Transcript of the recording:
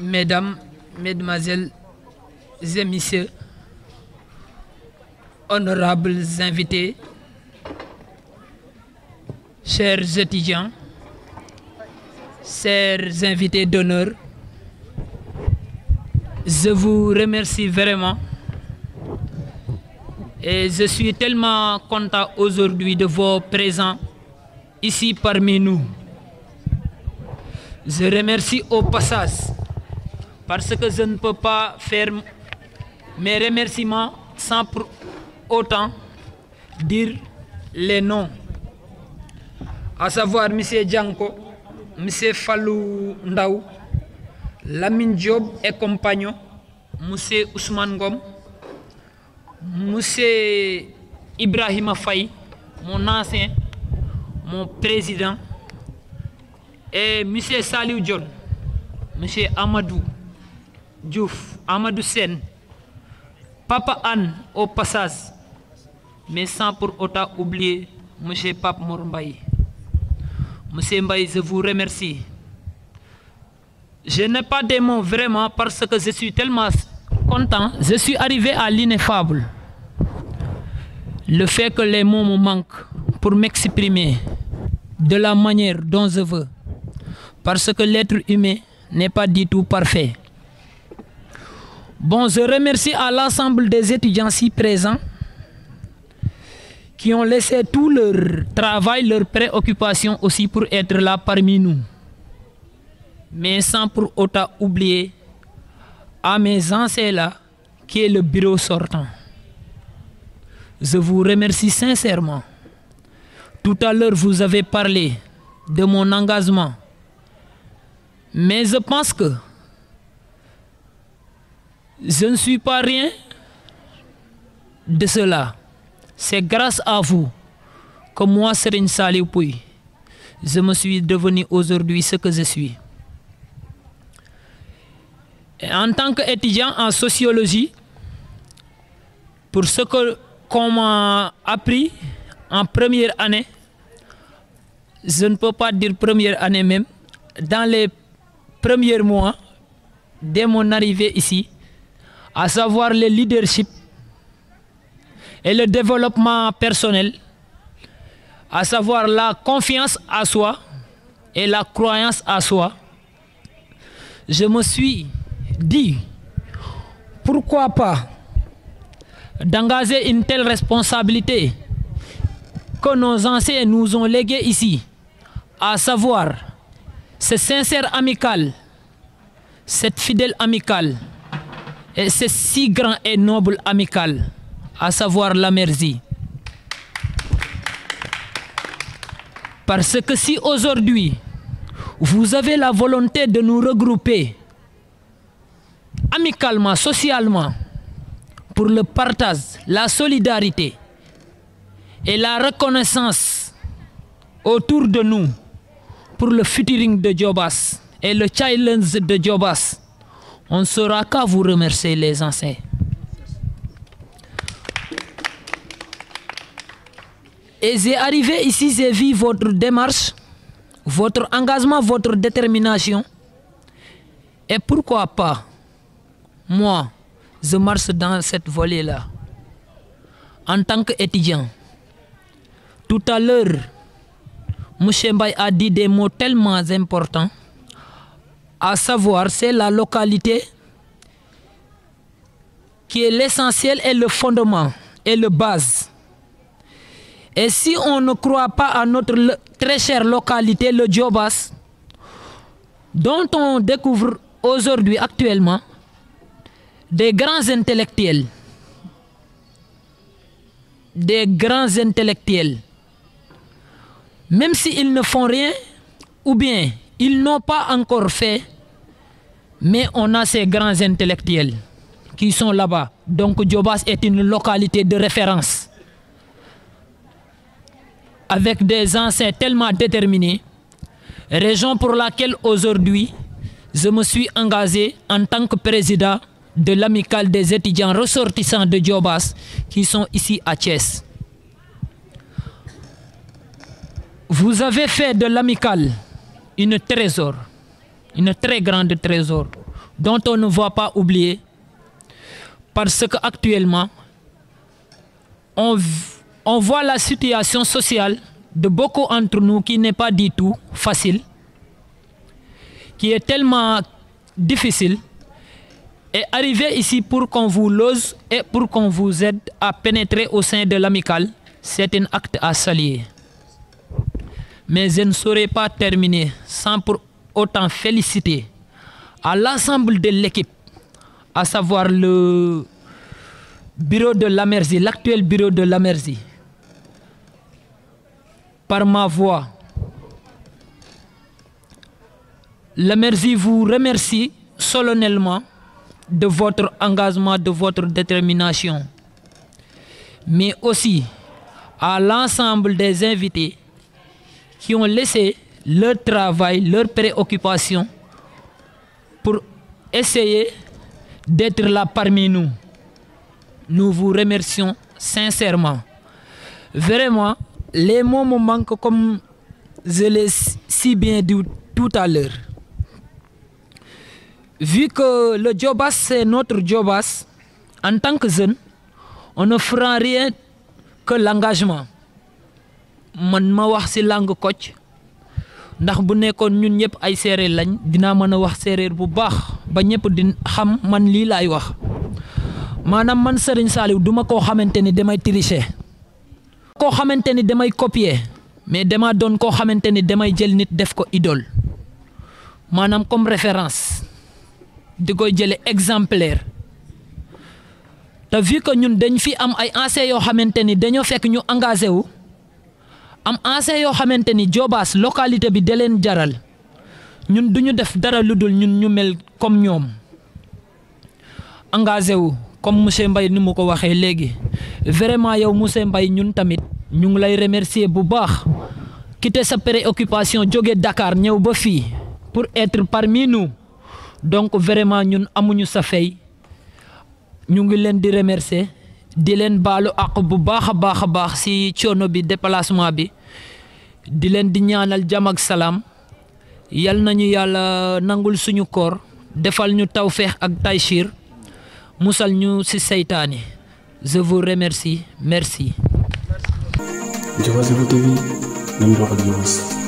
Mesdames, Mesdemoiselles et Messieurs, honorables invités, chers étudiants, chers invités d'honneur, je vous remercie vraiment et je suis tellement content aujourd'hui de vos présents ici parmi nous. Je remercie au passage, parce que je ne peux pas faire mes remerciements sans pour autant dire les noms, à savoir M. Djanko, M. Falou Ndaou, Lamine Diop et compagnons, M. Ousmane Gom, M. Ibrahima Faye, mon ancien mon président, et M. Saliou John, M. Amadou Diouf, Amadou Sen, Papa Anne au passage, mais sans pour autant oublier M. Pape Mourmbaye. M. Mbaye, je vous remercie. Je n'ai pas de mots vraiment parce que je suis tellement content. Je suis arrivé à l'ineffable. Le fait que les mots me manquent pour m'exprimer de la manière dont je veux, parce que l'être humain n'est pas du tout parfait. Bon, je remercie à l'ensemble des étudiants si présents qui ont laissé tout leur travail, leurs préoccupations aussi pour être là parmi nous. Mais sans pour autant oublier à mes ancêtres là qui est le bureau sortant. Je vous remercie sincèrement. Tout à l'heure, vous avez parlé de mon engagement. Mais je pense que je ne suis pas rien de cela. C'est grâce à vous que moi, Serine Salipouy, je me suis devenu aujourd'hui ce que je suis. en tant qu'étudiant en sociologie, pour ce qu'on m'a appris, en première année, je ne peux pas dire première année même, dans les premiers mois, dès mon arrivée ici, à savoir le leadership et le développement personnel, à savoir la confiance à soi et la croyance à soi, je me suis dit, pourquoi pas d'engager une telle responsabilité que nos anciens nous ont légués ici, à savoir ce sincère amical, cette fidèle amicale, et ce si grand et noble amical, à savoir la merci Parce que si aujourd'hui, vous avez la volonté de nous regrouper amicalement, socialement, pour le partage, la solidarité, et la reconnaissance autour de nous pour le featuring de Jobas et le challenge de Jobas, on ne saura qu'à vous remercier les anciens. Et j'ai arrivé ici, j'ai vu votre démarche, votre engagement, votre détermination. Et pourquoi pas, moi, je marche dans cette volée-là en tant qu'étudiant. Tout à l'heure, Mouchembaï a dit des mots tellement importants, à savoir c'est la localité qui est l'essentiel et le fondement et le base. Et si on ne croit pas à notre très chère localité, le Djobas, dont on découvre aujourd'hui, actuellement, des grands intellectuels, des grands intellectuels même s'ils ne font rien, ou bien ils n'ont pas encore fait, mais on a ces grands intellectuels qui sont là-bas. Donc Diobas est une localité de référence avec des anciens tellement déterminés, raison pour laquelle aujourd'hui je me suis engagé en tant que président de l'amicale des étudiants ressortissants de Djobas qui sont ici à Thiès. Vous avez fait de l'amical une trésor, une très grande trésor, dont on ne voit pas oublier, parce qu'actuellement, on, on voit la situation sociale de beaucoup d'entre nous qui n'est pas du tout facile, qui est tellement difficile, et arriver ici pour qu'on vous lose et pour qu'on vous aide à pénétrer au sein de l'amical, c'est un acte à saluer mais je ne saurais pas terminer sans pour autant féliciter à l'ensemble de l'équipe, à savoir le bureau de la l'Amerzi, l'actuel bureau de la l'Amerzi, par ma voix. la L'Amerzi vous remercie solennellement de votre engagement, de votre détermination, mais aussi à l'ensemble des invités qui ont laissé leur travail, leurs préoccupations pour essayer d'être là parmi nous. Nous vous remercions sincèrement. Vraiment, les mots me manquent comme je l'ai si bien dit tout à l'heure. Vu que le Jobas, c'est notre Jobas, en tant que jeune, on ne fera rien que l'engagement. man ma wax ci langue koc ndax bu nekkoon ñun ñëpp ay séeréer lañ dinaa mën a wax séeréer bu baax ba ñëpp di xam man lii laay wax maanaam man Serigne Saliou duma koo xamante ni damay tricher koo xamante ni damay copier mais dama doon koo xamante ni damay jël nit def ko idole maanaam comme référence di koy jële exemplaire te vie que ñun dañ fi am ay anciens yoo xamante ni dañoo fekk ñu engagé wu am ancien yoo xamante ni Jobaas localité bi da leen jaral ñun duñu def dara lu dul ñun ñu mel comme ñoom engagé wu comme monsieur mbay ni mu ko waxee léegi vraiment yow monsieur mbay ñun tamit ñu ngi lay remercier bu baax quitter sa préoccupation jóge Dakar ñëw ba fii pour être parmi nous donc vraiment ñun amuñu sa fay ñu ngi leen di remercier. di leen baalu àq bu baaxa a baax a baax si coono bi déplacement bi di leen di ñaanal jàmm ak salaam yal nañu yàlla nangul suñu koor defal ñu tawféex ak taysiir musal ñu ci seytaane je vous